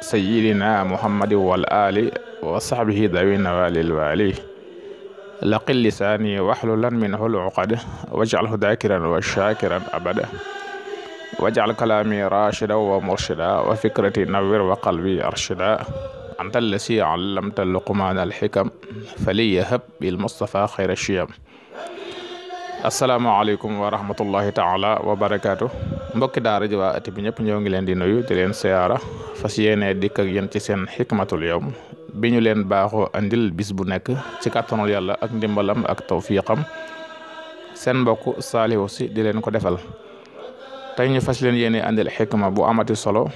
sayyidina muhammadi wal ali wa sahbihi dawina walil wali laqi lisaani waxlulan minhu luqad wajcalhu dakiran wa shakiran abada wajcal kalaami rashida wa murshida wa fikrati nawir wa qalbi arshida anta allasi allamta luqmaana alxikam faliyahab bilmustafa xayra shiyam asalaamaaleykum wa ta taala wa barakaatu mbokki daara ji waa ati bi ñëpp ñoo ngi leen di nuyu di leen siyaara fas yéenee dikk ak yéen ci seen xikmatul yawm bi ñu leen baaxoo andil bis bu nekk ci kàttanul yàlla ak ndimbalam ak tawfiqam seen mbokk saalihu di leen ko defal tey ñu fas leen yéenee andil xikma bu amati solo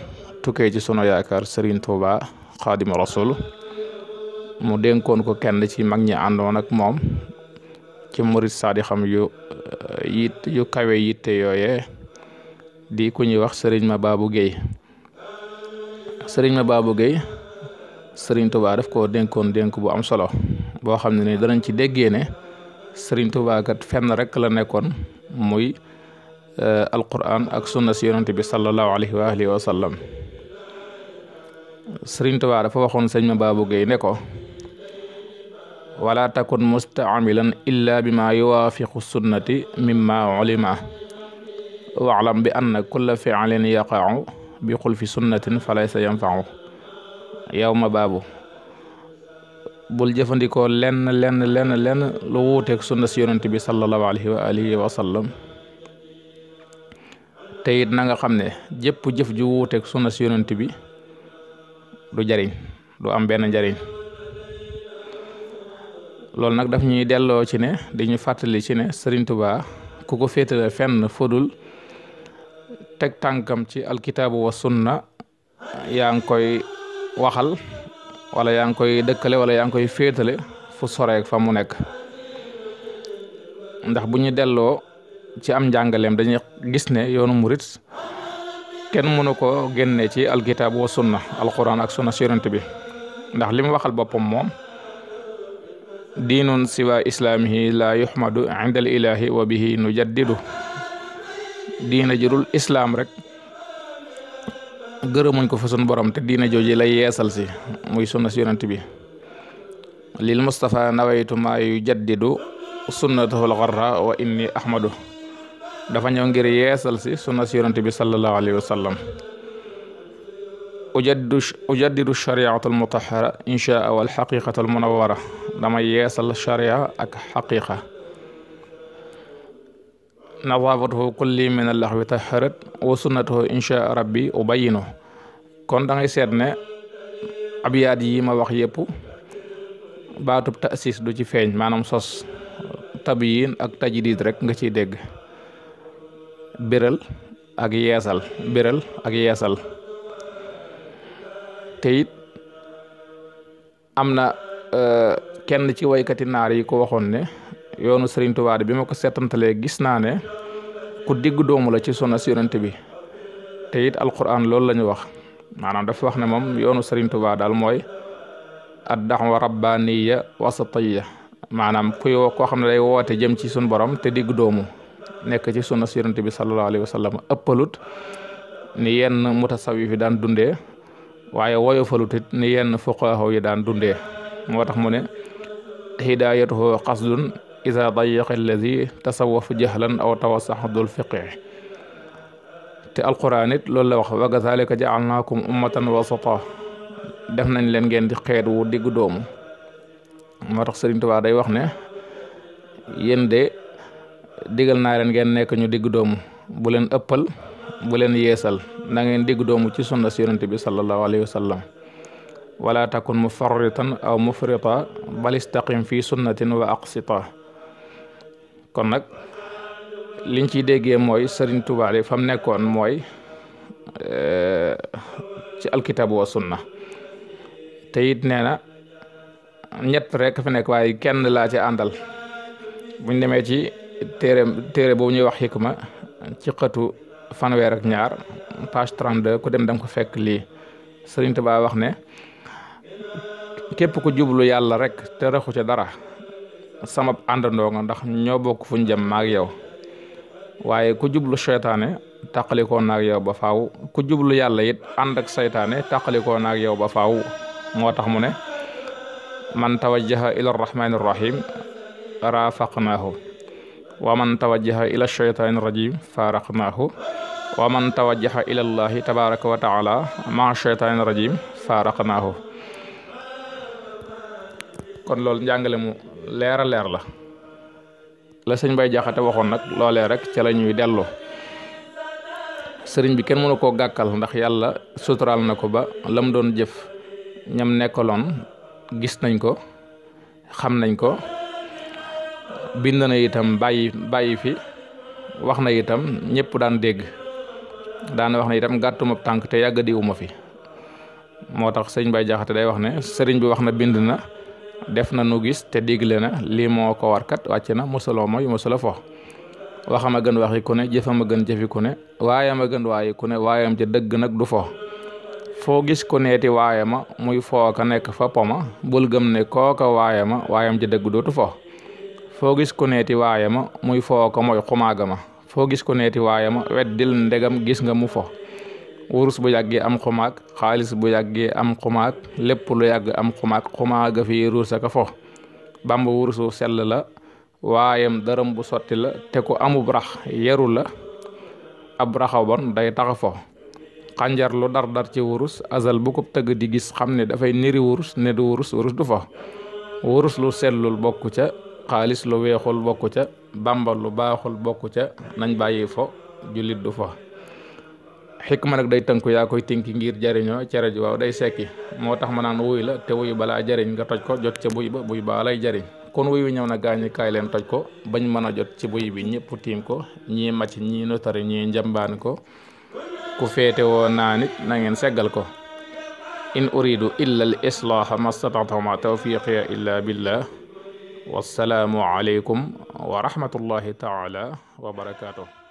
tukkee ci sunu yaakaar Serigne Touba Xaadimu Rasul mu dénkoon ko kenn ci mag ñi àndoon ak moom ci murit xam yu uh, yit yu kawe yitte yooye di ku ñuy wax sëriñ ma baabu Guèye sëriñ ma baabu Guèye sëriñ Tuubaa daf koo dénkoon dénk bu am solo boo xam ne ni danañ ci déggee ne sëriñ Tuubaa kat fenn rek la nekkoon muy uh, alquran ak sunna si yonante bi sallallahu alayhi wa alihi wa sallam sëriñ Tuubaa dafa waxoon sëriñ ma baabu Guèye ne ko wala takun mustaamilan illa bima yuwaafiqu sunnati mimma ulima waalam bi anna kulla fi'lin yaqa'u bi xulfi sunnatin falaysa yanfa'u yawma baabu bul jëfandikoo lenn lenn lenn lenn lu wuuteeg sunna si bi sallallahu alayhi wa alihi wa sallam xam ne jëpp jëf ju wuuteeg sunna si bi du jariñ du am benn njariñ loolu nag daf ñuy delloo ci ne dañu fàttali ci ne Serigne Touba ku ko féetale fenn fudul teg tànkam ci alkitaabu wa sunna yaa ngi koy waxal wala yaa ngi koy dëkkale wala yaa ngi koy féetale fu soreek fa mu nekk ndax bu ñu delloo ci am njàngaleem dañuy gis ne yoonu murit kenn mënu ko génne ci alkitaabu wa sunna alquran ak sunna si bi ndax li mu waxal boppam moom diinun siwa islaamihi la yuhmadu indal ilahi wa bihi nu jaddidu diina jurul islaam rek gërëmuñ ko fa sun borom te diina jooji lay yeesal si muy sunna si yonent bi lil mustapha nawaytu maa yu jaddidu sunnatahu lxarra wa inni ahmadu dafa ñëw ngir yeesal si sunna si yonent bi sallallahu alayhi wa ujaddu ujaddidu shariatu almutahara inchaa wal xaqiqatu almunawara dama yeesal sharia ak xaqiqa nadaafatuhu kulli min allaxwi taharat wa sunnatuhu inchaa rabbi ubayinu kon da ngay seet ne abiyaat yi wax yépp baatub tasis du ci feeñ maanaam sos tabyin ak tajdid rek nga ci dégg biral ak yeesal biral ak yeesal te it am na euh, kenn ci waykati naar yi ko waxoon ne yoonu Serigne Touba bi ma ko seetantalee gis naa ne ku digg doomu la ci sunna si yonent bi te it alquran loolu la ñu wax maanaam dafa wax ne moom yoonu Serigne Touba daal mooy ad daxwa rabbaniya ya maanaam kuy koo xam ne day woote jëm ci sun borom te diggu doomu nekk ci sunna si yonent bi sallallahu alayhi wa sallam ëppalut ni yenn mutasawif fi daan dundee waaye woyofalut it ni yenn fuqaha yi daan dundee moo tax mu ne hidayatuhu qasdun isa dayiqa alladi tasawaf jahlan aw tawasax dul fiqih te alquran loolu la wax wa kazalika jaalnaakum ummatan wasata def nañ leen ngeen di xeet wu diggu doomu moo tax Sëriñ Tuubaa day wax ne yéen de digal naa leen ngeen nekk ñu diggu doomu bu leen ëppal bu leen yeesal na ngeen digg doomu ci sunna si yonente bi sallallahu alayhi wa sallam wala takun mufarritan aw mufrita bal istaqim fi sunnatin wa aqsita kon nag liñ ciy déggee mooy Sëriñ Tuubaa li fam nekkoon mooy eh, ci alkitab wa sunna te it nee na ñett rek fi nekk waaye kenn laa ci àndal buñ demee ci téere téere ñuy wax xikma ci xëtu fanweer ak ñaar page 32 ku dem da nga ko fekk lii Sëriñ Tuubaa wax ne képp ku jublu yàlla rek te raxu ca dara sama àndandoo nga ndax ñoo bokk fuñ jëm maag yow waaye ku jublu seytaane tàqalikoo naag yow ba faaw ku jublu yàlla it ànd ak seytaane tàqalikoo naag yow ba faaw moo tax mu ne man tawajjaha ila arrahmani arrahim rafaqnaahu wa man tawajjaha ila sheytaani rajim faraqnaahu wa man tawajjaha ilallahi tabaraka wa taala ma cheytaani rajim faaraqnaahu kon loolu njàngale mu leer leer la la sëñ Bay Jaxate waxoon nag loolee rek ca la ñuy dellu sëriñ bi kenn mënu koo gàkkal ndax yàlla suturaal na ko ba lam doon jëf ñam nekkaloon gis nañ ko xam nañ ko bind na itam bàyyi fi wax na itam ñëpp daan dégg daana wax ne itam gàttuma tànk te yàgg diwuma fi moo tax sëñ Baye Jaxate day wax ne sëriñ bi wax na bind na def na nu gis te digle na lii moo ko war kat wàcc na mosaloo ma yu mosala fo waxam gën waxi ku ne jëfam gën jëfi ku ne waayam gën waayi ku ne waayam ca dëgg nag du fo foo gis ku neeti waayama muy foo ka nekk fa poma bul gëm ne kooka waayama waayam ca dëgg dootu fo foo gis ku neeti waayama muy foo ka mooy xumaagama foo gis ko neeti waayama weddil ndegam gis nga mu fo wurus bu yàggee am xumaag xaalis bu yàggee am xumaag lépp lu yàgg am xumaag xumaaga fi ruus ak fo wurusu sell la waayam dërëm bu sotti la te ku amub rax yeru la ab raxa bon day taxa fo xànjar lu dar dar ci wurus azal bu tëgg di gis xam ne dafay niri wurus ne du wurus wurus du fo wurus lu sellul bokku ca xaalis lu weexul bokku ca bàmbal lu baaxul bokk ca nañ bàyyi fo jullit du fo ma nag day tënku yaa koy tinki ngir jariñoo cere ji waaw day sekki moo tax ma naan wuy la te wuy balaa jariñ nga toj ko jot ca buy ba buy baa lay jariñ kon wuy wi ñëw na gaañi kaay leen toj ko bañ mën a jot ci buy bi ñëpp tiim ko ñii màcc ñii notari ñii njambaan ko ku féete woo naa nit na ngeen seggal ko in uridu illa al islaaha ma stataatama tawfiqiya illa billah wassalaamu aleykum wa rahmatullahi taala wa barakaatu